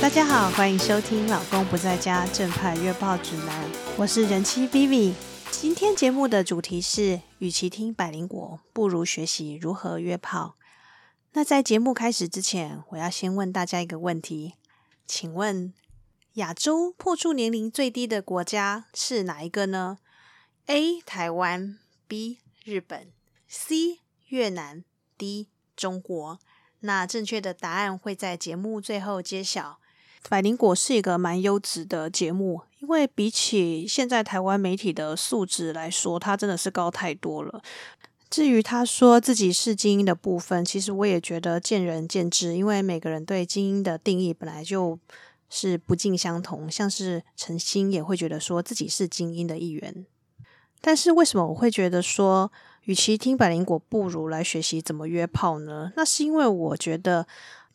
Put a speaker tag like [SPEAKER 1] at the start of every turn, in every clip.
[SPEAKER 1] 大家好，歡迎收聽《老公不在家正派約炮指南》，我是人妻 Vivi。今天節目的主題是：與其聽百靈果，不如學習如何約炮。那在節目開始之前，我要先問大家一個問題：請問亞洲破處年齡最低的國家是哪一個呢？A. 台灣。B 日本，C 越南，D 中國。那正確的答案會在節目最後揭曉。百靈果是一個蠻優質的節目，因為比起現在台灣媒體的素質來說，它真的是高太多了。至於他說自己是精英的部分，其實我也覺得見仁見智，因為每個人對精英的定義本來就是不盡相同，像是陳星也會覺得說自己是精英的一員。但是為什麼我會覺得說，與其聽百靈果，不如來學習怎麼約炮呢？那是因為我覺得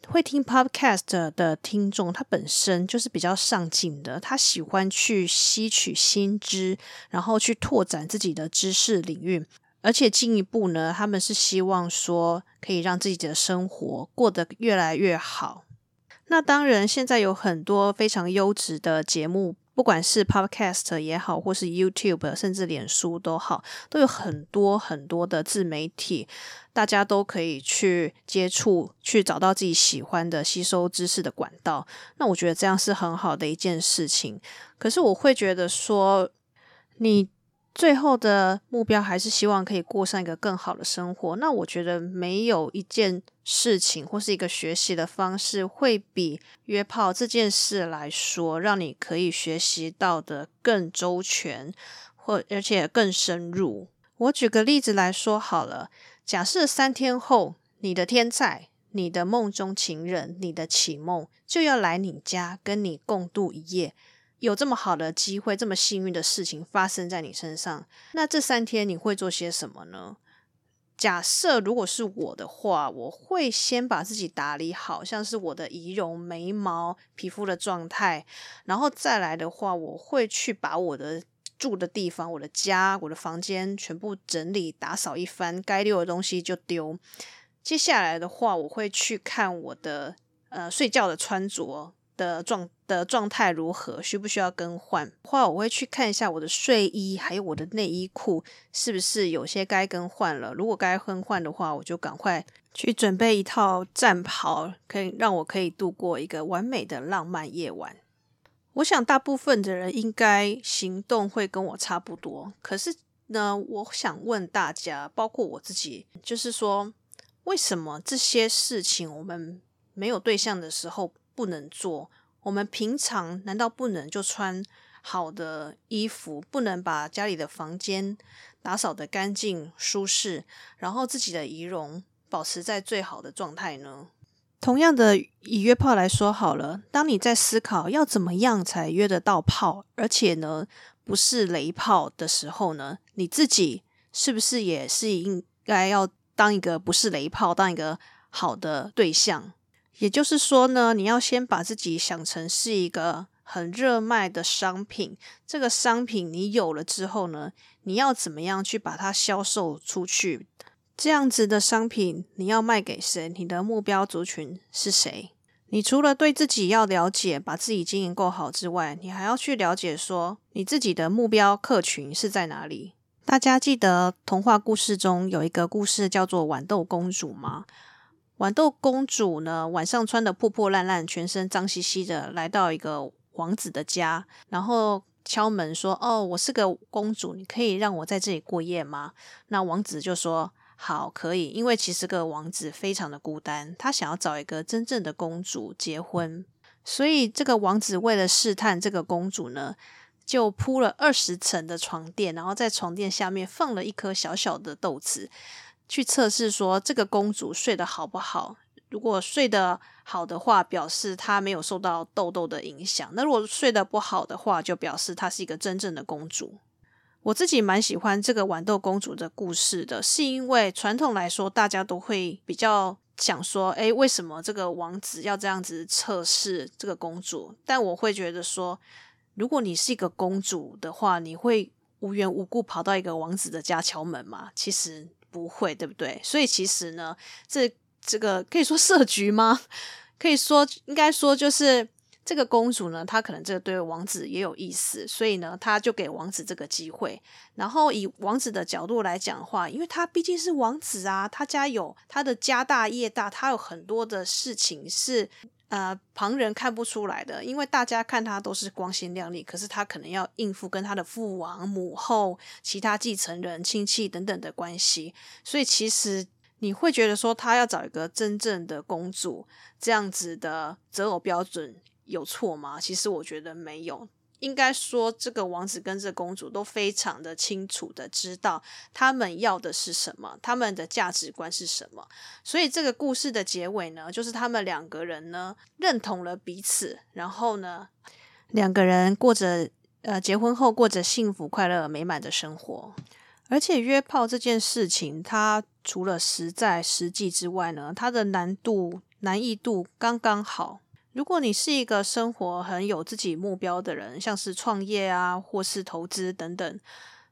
[SPEAKER 1] 會聽 Podcast 的聽眾，他本身就是比較上進的，他喜歡去吸取新知，然後去拓展自己的知識領域，而且進一步呢，他們是希望說可以讓自己的生活過得越來越好。那當然，現在有很多非常優質的節目。不管是 Podcast 也好，或是 YouTube，甚至臉書都好，都有很多很多的自媒體，大家都可以去接觸，去找到自己喜歡的、吸收知識的管道。那我覺得這樣是很好的一件事情。可是我會覺得說，你，最後的目標還是希望可以過上一個更好的生活。那我覺得沒有一件事情或是一個學習的方式，會比約炮這件事來說，讓你可以學習到的更周全，或而且更深入。我舉個例子來說好了，假設三天後，你的天菜、你的夢中情人、你的綺夢就要來你家跟你共度一夜。有這麼好的機會，這麼幸運的事情發生在你身上，那這三天你會做些什麼呢？假設如果是我的話，我會先把自己打理好，像是我的儀容、眉毛、皮膚的狀態，然後再來的話，我會去把我的住的地方、我的家、我的房間全部整理打掃一番，該丟的東西就丟。接下來的話，我會去看我的呃睡覺的穿着的狀態。的狀態如何？需不需要更換？話，我會去看一下我的睡衣，還有我的內衣褲，是不是有些該更換了？如果該更換的話，我就趕快去準備一套戰袍，可以讓我可以度過一個完美的浪漫夜晚。我想大部分的人應該行動會跟我差不多。可是呢，我想問大家，包括我自己，就是說，為什麼這些事情我們沒有對象的時候不能做？我們平常難道不能就穿好的衣服，不能把家裡的房間打掃得乾淨舒適，然後自己的儀容保持在最好的狀態呢？同樣的，以約炮來說好了，當你在思考要怎麼樣才約得到炮，而且呢不是雷炮的時候呢，你自己是不是也是應該要當一個不是雷炮，當一個好的對象？也就是說呢，你要先把自己想成是一個很熱賣的商品。這個商品你有了之後呢，你要怎麼樣去把它銷售出去？這樣子的商品你要賣給誰？你的目標族群是誰？你除了對自己要了解，把自己經營夠好之外，你還要去了解說你自己的目標客群是在哪裡。大家記得童話故事中有一個故事叫做《豌豆公主》嗎？豌豆公主呢，晚上穿得破破爛爛，全身髒兮兮的，來到一個王子的家，然後敲門說：“哦，我是個公主，你可以讓我在這裡過夜嗎？”那王子就說：“好，可以。”因為其實個王子非常的孤單，他想要找一個真正的公主結婚，所以這個王子為了試探這個公主呢，就鋪了二十層的床墊，然後在床墊下面放了一顆小小的豆子。去測試說這個公主睡得好不好？如果睡得好的話，表示她沒有受到豆豆的影響；那如果睡得不好的話，就表示她是一個真正的公主。我自己蠻喜歡這個豌豆公主的故事的，是因為傳統來說，大家都會比較想說：哎，為什麼這個王子要這樣子測試這個公主？但我會覺得說，如果你是一個公主的話，你會無緣無故跑到一個王子的家敲門嗎？其實。不會，對不對？所以其實呢，這這個可以說設局嗎？可以說，應該說就是這個公主呢，她可能這個對王子也有意思，所以呢，她就給王子這個機會。然後以王子的角度來講的話，因為他畢竟是王子啊，他家有他的家大業大，他有很多的事情是。呃，旁人看不出來的，因為大家看他都是光鮮亮麗，可是他可能要應付跟他的父王、母後、其他繼承人、親戚等等的關係，所以其實你會覺得說他要找一個真正的公主，這樣子的擇偶標準有錯嗎？其實我覺得沒有。應該說，這個王子跟這個公主都非常的清楚的知道他們要的是什麼，他們的價值觀是什麼。所以這個故事的結尾呢，就是他們兩個人呢認同了彼此，然後呢，兩個人過着呃結婚後過着幸福、快樂、美滿的生活。而且約炮這件事情，它除了實在實際之外呢，它的難度難易度剛剛好。如果你是一個生活很有自己目標的人，像是創業啊，或是投資等等，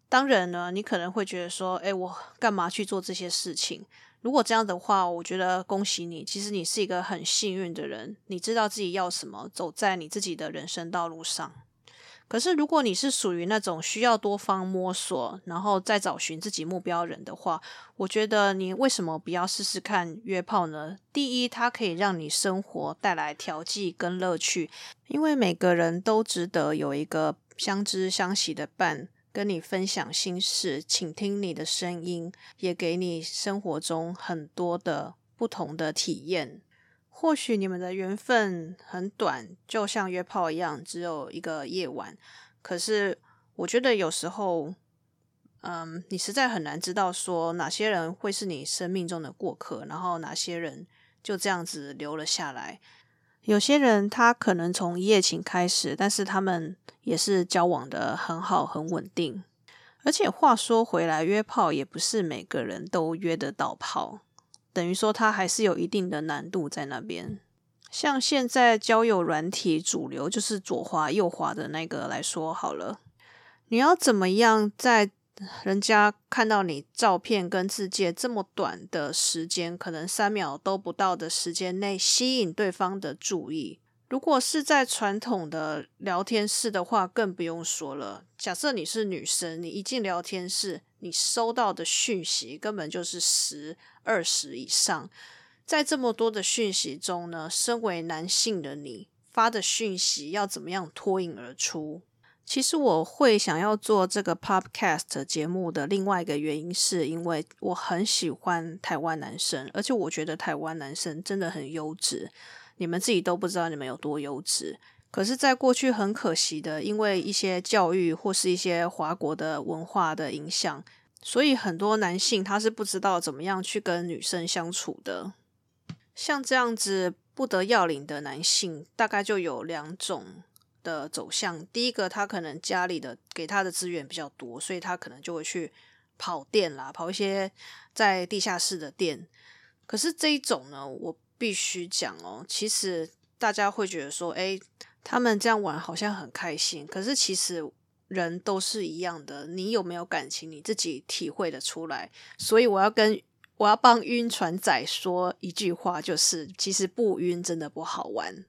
[SPEAKER 1] 當然呢，你可能會覺得說，誒，我幹嘛去做這些事情？如果這樣的話，我覺得恭喜你，其實你是一個很幸運的人，你知道自己要什麼，走在你自己的人生道路上。可是，如果你是屬於那種需要多方摸索，然後再找尋自己目標人的話，我覺得你為什麼不要試試看約炮呢？第一，它可以讓你生活帶來調劑跟樂趣，因為每個人都值得有一個相知相惜的伴，跟你分享心事，傾聽你的聲音，也給你生活中很多的不同的體驗。或許你們的緣分很短，就像約炮一樣，只有一個夜晚。可是，我覺得有時候，嗯，你實在很難知道說哪些人會是你生命中的過客，然後哪些人就這樣子留了下來。有些人他可能從一夜情開始，但是他們也是交往得很好、很穩定。而且話說回來，約炮也不是每個人都約得到炮。等於說，它還是有一定的難度在那邊。像現在交友軟體主流就是左滑右滑的那個來說好了，你要怎麼樣在人家看到你照片跟自介這麼短的時間，可能三秒都不到的時間內吸引對方的注意？如果是在傳統的聊天室的話，更不用說了。假設你是女生，你一進聊天室，你收到的訊息根本就是十、二十以上。在這麼多的訊息中呢，身為男性的你發的訊息要怎麼樣脫穎而出？其實我會想要做這個 Podcast 節目的另外一個原因，是因為我很喜歡台灣男生，而且我覺得台灣男生真的很優質。你們自己都不知道你們有多優質，可是，在過去很可惜的，因為一些教育或是一些華國的文化的影響，所以很多男性他是不知道怎麼樣去跟女生相處的。像這樣子不得要領的男性，大概就有兩種的走向。第一個，他可能家裡的給他的資源比較多，所以他可能就會去跑店啦，跑一些在地下室的店。可是這一種呢，我。必須講哦！其實大家會覺得說，誒，他們這樣玩好像很開心，可是其實人都是一樣的。你有沒有感情，你自己體會得出來。所以我要跟我要幫暈船仔說一句話，就是其實不暈真的不好玩。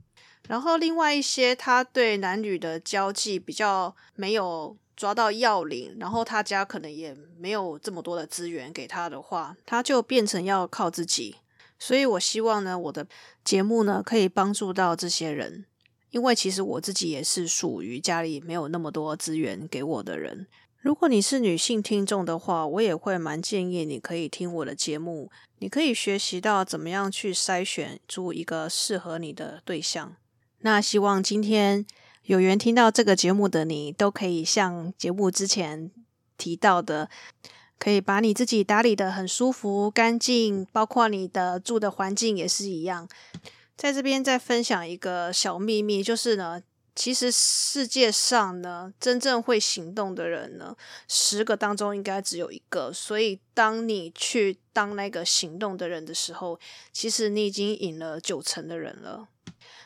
[SPEAKER 1] 然後另外一些，他對男女的交際比較沒有抓到要領，然後他家可能也沒有這麼多的資源給他的話，他就變成要靠自己。所以，我希望呢，我的節目呢，可以幫助到這些人。因為其實我自己也是屬於家裡沒有那麼多資源給我的人。如果你是女性聽眾的話，我也會蠻建議你可以聽我的節目，你可以學習到怎麼樣去篩選出一個適合你的對象。那希望今天有緣聽到這個節目的你，都可以像節目之前提到的。可以把你自己打理得很舒服、乾淨，包括你的住的環境也是一樣。在這邊再分享一個小秘密，就是呢，其實世界上呢，真正會行動的人呢，十個當中應該只有一個。所以，當你去當那個行動的人的時候，其實你已經贏了九成的人了。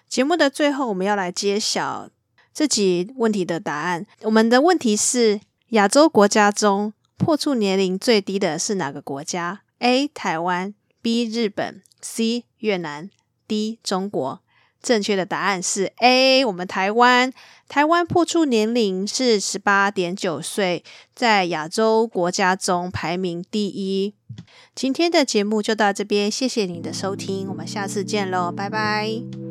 [SPEAKER 1] 節目的最後，我們要來揭曉這集問題的答案。我們的問題是：亞洲國家中。破處年齡最低的是哪個國家？A. 台灣 B. 日本 C. 越南 D. 中國。正確的答案是 A. 我們台灣。台灣破處年齡是十八點九歲，在亞洲國家中排名第一。今天的節目就到這邊，謝謝您的收聽，我們下次見嘍，拜拜。